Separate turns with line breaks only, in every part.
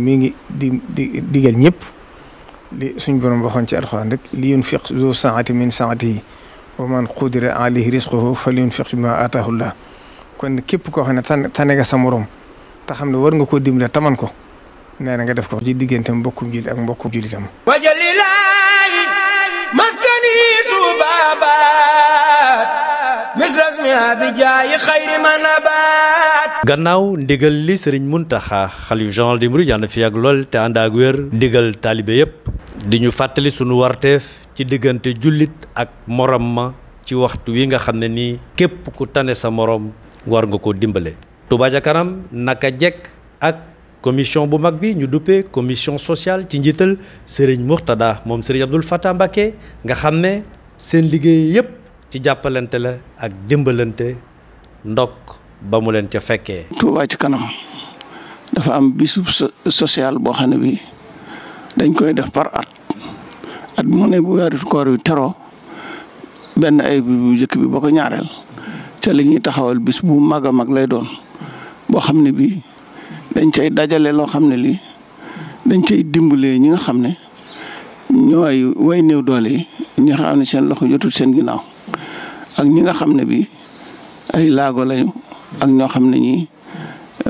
mi ngi di di digal ñëpp li suñ borom waxoon ci alxuraan rek li yunfiq zu saati min saatihi wa man qudira alayhi rizquhu falyunfiq bima ata llah kon képp koo xam ne tane tane nga sa morom te xam ne war nga koo dimbale taman ko nee na nga def ko ci diggante mbokkum jullit ak mbokkum jullitam.
wajalilaayi
gannaaw ndigal li sëriñ Muntaxa xalifa général des mourides yàlla na fi yàgg lool te ànd ak wér ndigal taalibe yépp di ñu fàttali suñu warteef ci diggante jullit ak moroom ma ci waxtu wi nga xam ne nii képp ku tane sa moroom war nga ko dimbale Touba Ca Kanam naka jekk ak commission bu mag bi ñu duppee commission sociale ci njiital sëriñ Mourtada moom sëriñ Abdoul Fattah Mbacké nga xam ne seen liggéey yépp ci jàppalante la ak dimbalante ndokk ba mu leen ca fekkee.
Touba ci kanam dafa am bisu social boo xam ne bi dañ koy def par at at mu ne bu weeru koor yu teroo benn ay bu njëkk bi ba ko ñaareel ca li ñuy taxawal bis bu mag a mag lay doon boo xam ne bi dañ cay dajale loo xam ne lii dañ cay dimbalee ñi nga xam ne ñooy way néew doole yi ñi xam ne seen loxo jotul seen ginnaaw. ak ñi nga xam ne bi ay laago lañu ak ñoo xam ne ñi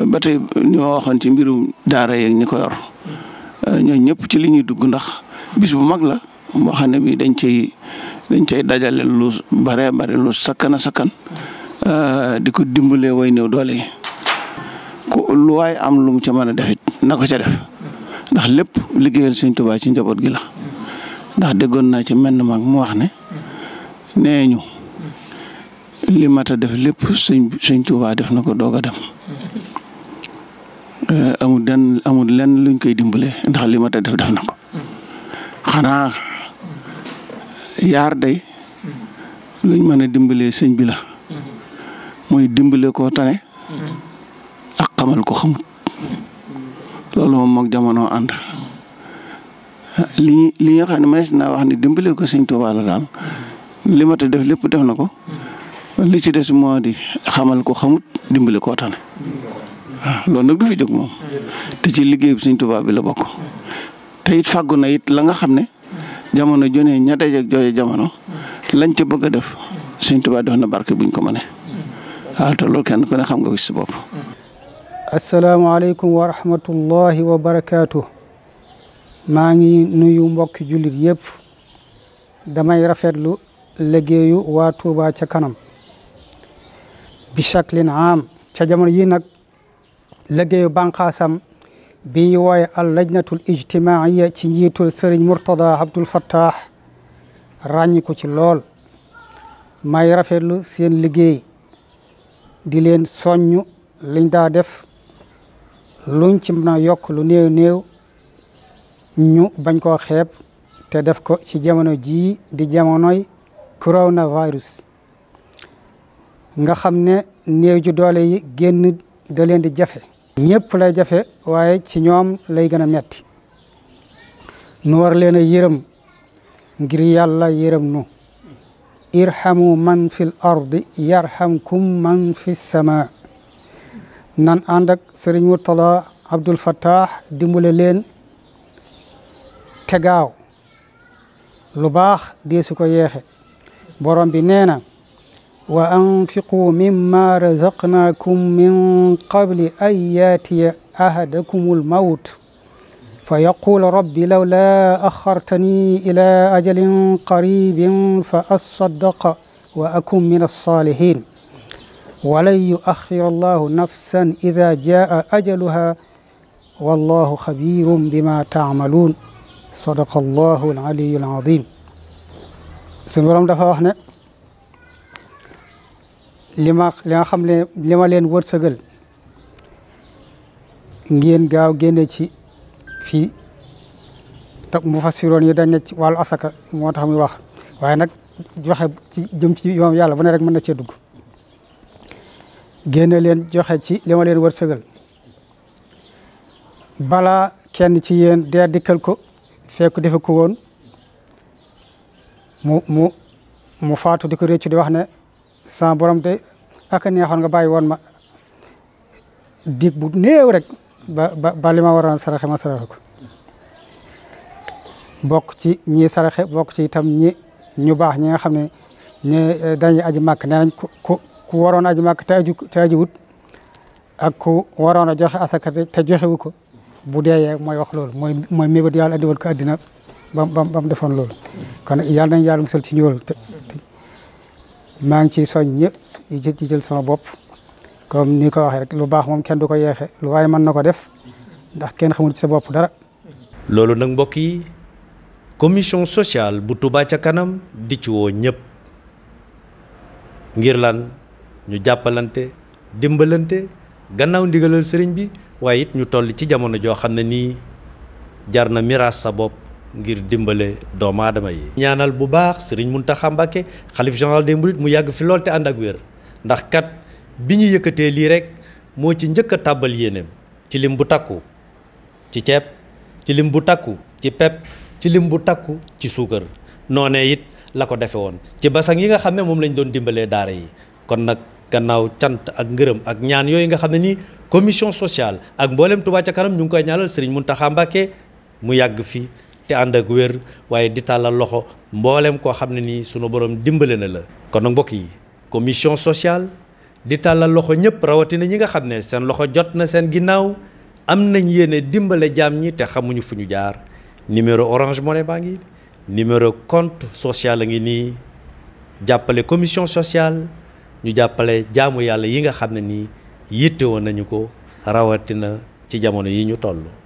ba tey ni ma waxoon ci mbirum daara yeeg ñi ko ñooy euh, ñooñu ñëpp ci li ñuy dugg ndax bis bu mag la moo xam ne bi dañ cay dañ cay dajale lu bare bare lu sakkan a sakkan euh, di ko dimbalee way néew doole yi ku lu am lum mu ca mën a defit na ko ca def ndax lépp liggéeyal Sëñ Tuubaa ci njaboot gi la ndax déggoon naa ci menn mag mu wax ne nee ñu li mat def lépp sëñ sëñ Tuubaa def na ko doog a dem eh, amul den amul lenn luñ koy dimbale ndax li mat def def na ko xanaa yaar day luñ mën a dimbalee sëñ bi la mooy dimbale koo tane ak xamal ko xamut loolu moom moog jamono ànd li li nga xam ne may naa wax ni dimbale ko sëñ Tuubaa la daal li a def lépp def na ko li ci des moo di xamal ko xamut dimbali koo tane waaw loolu nag du fi jóg moom te ci liggéey bi Sëñ Tuubaa la bokk te it fàggu na it la nga xam ne jamono jonee ña dajeeg jooye jamono lañ ca bëgg a def Sëñ Tuubaa def na barke buñ ko mënee te loolu kenn ku xam nga ko si bopp.
asalaamaaleykum wa rahmatullahi wa barakaatu. maa ngi nuyu mbokk jullit yëpp damay rafetlu liggéeyu waa Touba ca kanam. bi chaklin am ca jamono yi nag liggéeyu banqaasam bi wooye al lajnatul ijtimaiya ci njiitul sëriñ Murtada Abdul Fattah ràññi ko ci lool may rafetlu seen liggéey di leen soññ liñ daa def luñ ci mën a yokk lu néew néew ñu bañ koo xeeb te def ko ci jamono jii di jamonoy coronavirus nga xam ne néew doole yi génn da leen di jafe ñëpp lay jafe waaye ci ñoom lay gën a metti nu war leen a yërëm ngir yàlla yërëm nu irhamu man fil ardi yarhamkum man fi sama nan ànd ak sëriñ Murtala Abdul Fattah dimbale leen tegaaw lu baax dee su ko yeexe borom bi nee na وأنفقوا مما رزقناكم من قبل أن ياتي أحدكم الموت فيقول رب لولا أخرتني إلى أجل قريب فأصدق وأكن من الصالحين ولن يؤخر الله نفسا إذا جاء أجلها والله خبير بما تعملون صدق الله العلي العظيم سنورم دفع lima ma li nga xam ne li ma leen wërsëgal ngeen gaaw génne ci fii te mu fasiroon yi dañ ne ci wàllu asaka moo tax muy wax waaye nag joxe ci jëm ci yoon yàlla bu ne rek mën na cee dugg génne leen joxe ci li leen leen wërsëgal balaa kenn ci yéen dee dikkal ko fekk defe ko woon mu mu mu faatu di ko réccu di wax ne sama borom de ak neexoon nga bàyyi woon ma dig bu néew rek ba ba li ma waroon saraxe ma saraxe ko bokk ci ñi saraxe bokk ci itam ñi ñu baax ñi nga xam ne ñi eh, dañuy aji màkk nee nañ ku ku ku waroon aji màkk te aju te ak ku waroon a joxe asaka te joxewu ko bu deeyee mooy wax loolu mooy mooy mébét yàlla andi woon ko addina bam bam bam defoon loolu kon yàlla nañ yàlla musal ci ñoolu maa ngi ciy soñ ñëpp di jël sama bopp comme ni ko waxee rek lu baax moom kenn du ko yeexe lu waaye mën na ko def ndax kenn xamul ci sa bopp
dara. loolu nag mbokk yi commission sociale bu Touba ca kanam di ci woo ñëpp ngir lan ñu jàppalante dimbalante gannaaw ndigalal sëriñ bi waaye it ñu toll ci jamono joo xam ne nii jar na miraas sa bopp. ngir dimbale doomu aadama yi. ñaanal bu baax sëriñ Mountakha Mbacké xalif de des mourides mu yàgg fi lool te ànd ak wér ndax kat bi ñu yëkkatee lii rek moo ci njëkk a tàbbal yéeneem ci lim bu takku ci ceeb ci lim bu takku ci pepp ci lim bu takku ci suukar noonee it la ko defe woon ci basang yi nga xam ne moom lañ doon dimbalee daara yi kon nag gannaaw cant ak ngërëm ak ñaan yooyu nga xam ne nii commission sociale ak mboolem Touba ca kanam ñu ngi koy ñaanal Serigne Mountakha Mbacké mu yàgg fi. te ànd ak wér waaye di tàllal loxo mboolem koo xam ne nii sunu borom dimbale na la. kon nag mbokk yi commission sociale di tàllal loxo ñëpp rawatina ñi nga xam ne seen loxo jot na seen ginnaaw am nañ yéene dimbale jaam ñi te xamuñu fu ñu jaar numéro orange money baa ngi numéro compte social a ngi nii jàppale commission sociale ñu jàppale jaamu yàlla yi nga xam ne nii yitte woon nañu ko rawatina ci jamono yi ñu toll.